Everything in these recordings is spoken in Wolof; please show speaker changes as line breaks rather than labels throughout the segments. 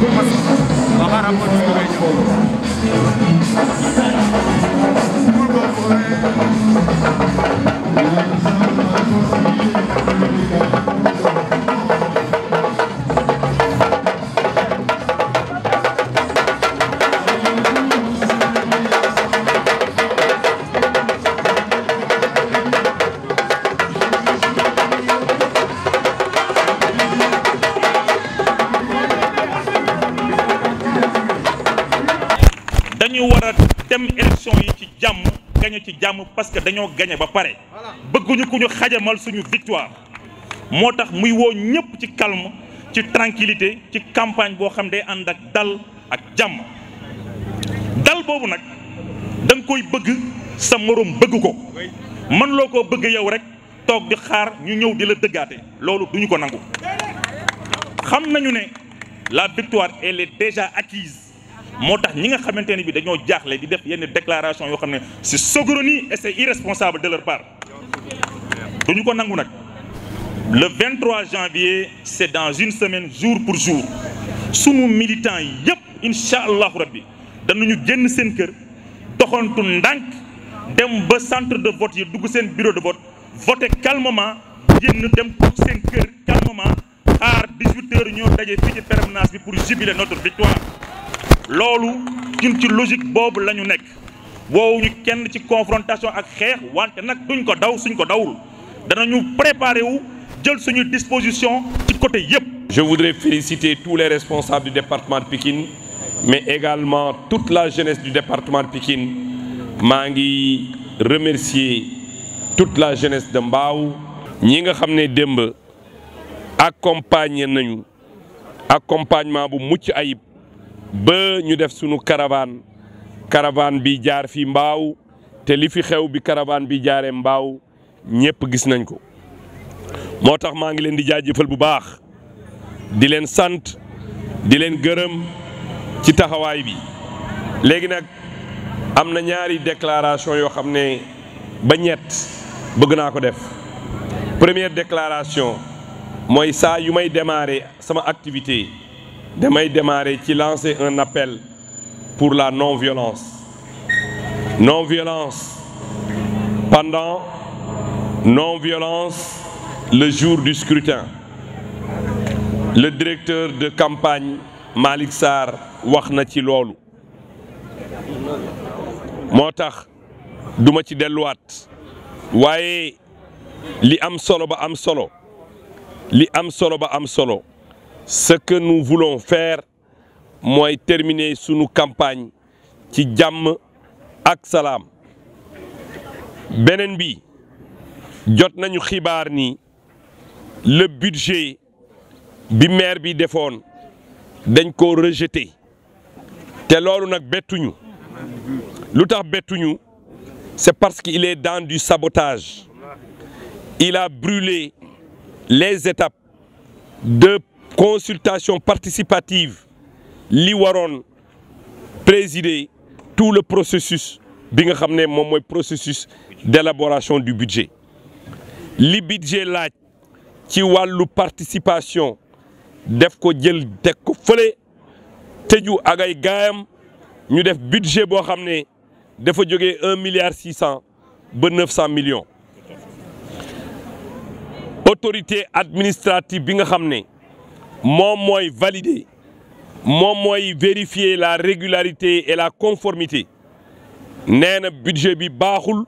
Parce que
dem élection yi ci jàmm gañe ci jàmm parce que dañoo gañe ba pare bëgguñu ku ñu xajamal suñu victoire moo tax muy woo ñëpp ci calme ci tranquillité ci campagne boo xam dal ak jàmm dal boobu nag da nga koy bëgg sa morom bëgg ko mën loo koo bëgg yow rek toog di xaar ñu ñëw di la dëggaate duñu ko nangu xam nañu la victoire elle est déjà acquise motax tax ñi nga xamante bi dañoo jaxlé di def yenn déclaration yo xamné c'est saugrenu et c'est irresponsable de leur part duñu ko nangu nak le 23 janvier c'est dans une semaine jour pour jour sunu militants yépp Nous allons rabbi danañu génn seen kër doxantu ndank dem ba centre de vote yi dugg seen bureau de vote voter calmement génn dem toog seen kër calmement à 18 h ñoo dajé fi ci permanence bi pour jubiler notre victoire loolu ñun ci logique bobu lañu nek nekk ñu kenn ci confrontation ak xex wante nous duñ ko daw suñ ko dawul danañu préparer wu jël suñu disposition
ci côté yépp je voudrais féliciter tous les responsables du département de Pikine mais également toute la jeunesse du département de Pikine ma ngi remercier toute la jeunesse de Mbao ñi nga xamné demb accompagner nañu accompagnement bu mucc ayib ba ñu def sunu caravane caravane bi jaar fi mbaaw te li fi xew bi caravane bi jaaree mbaaw ñëpp gis nañ ko moo tax maa ngi leen di jëfal bu baax di leen sant di leen gërëm ci taxawaay bi léegi nag am na ñaari déclaration yoo xam ne ba ñett bëgg naa ko def première déclaration mooy saa yu may démarrer sama activité Demain, démarrer qui lancer un appel pour la non-violence non-violence pendant non-violence le jour du scrutin le directeur de campagne Malik Sar Wakhna Motach, ci loolu moo li am solo ba am solo li am solo ba am solo ce que nous voulons faire moi, terminer sous campagne nos campagnes ak salam. à bi jot nañu ni le budget bi maire bi dañ ko rejeté té on nak bettuñu c'est parce qu'il est dans du sabotage il a brûlé les étapes de consultation participative liwaron préside présider tout le processus bi nga processus d'élaboration du budget li budget laaj ci la participation def ko jël tek ko feulé teju budget de xamné milliard six millions autorité administrative bi nga moom mooy valider moom mooy vérifier la régularité et la conformité nee budget bi baaxul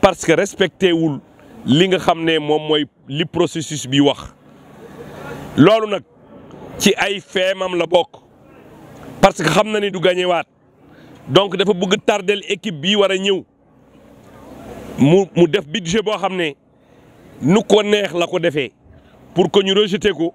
parce que respecté wul li nga xamné mom moy li processus bi wax lolou nak ci ay feemam la bok parce que xamna ni du gagner wat donc dafa bëgg tardel équipe bi wara a ñëw mu mu def budget bo xamné nu ko neex la ko pour que ñu rejeter ko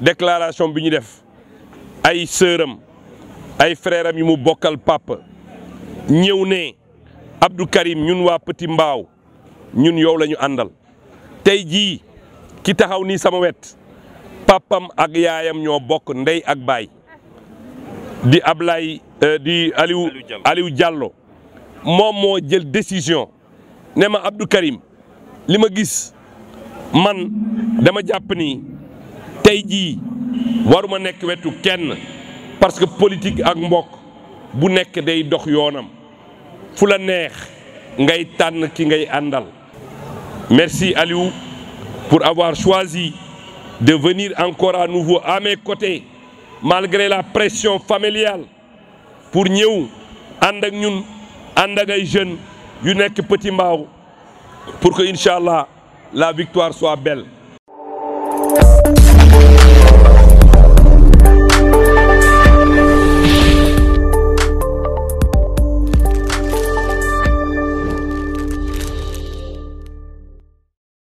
déclaration bi ñu def ay sëram ay frèram yi mu bokkal papa ñëw ne Abdou Karim ñun waa Petit Mbao ñun yow lañu ñu àndal tey jii ki taxaw nii sama wet papam ak yaayam ñoo bokk ndey ak baay di Ablaye euh, di Aliou Aliou moom moo jël décision ne ma Abdou Karim li ma gis man dama jàpp ni tey waruma nek wetu kenn parce que politique ak mbok bu nek day dox yonam fula neex ngay tànn ki ngay andal Merci Aliou pour avoir choisi de venir encore à nouveau à mes côtés malgré la pression familiale pour ñew and ak ñun and ak ay jeunes yu nek Petit mbaw pour que inshallah la victoire soit belle.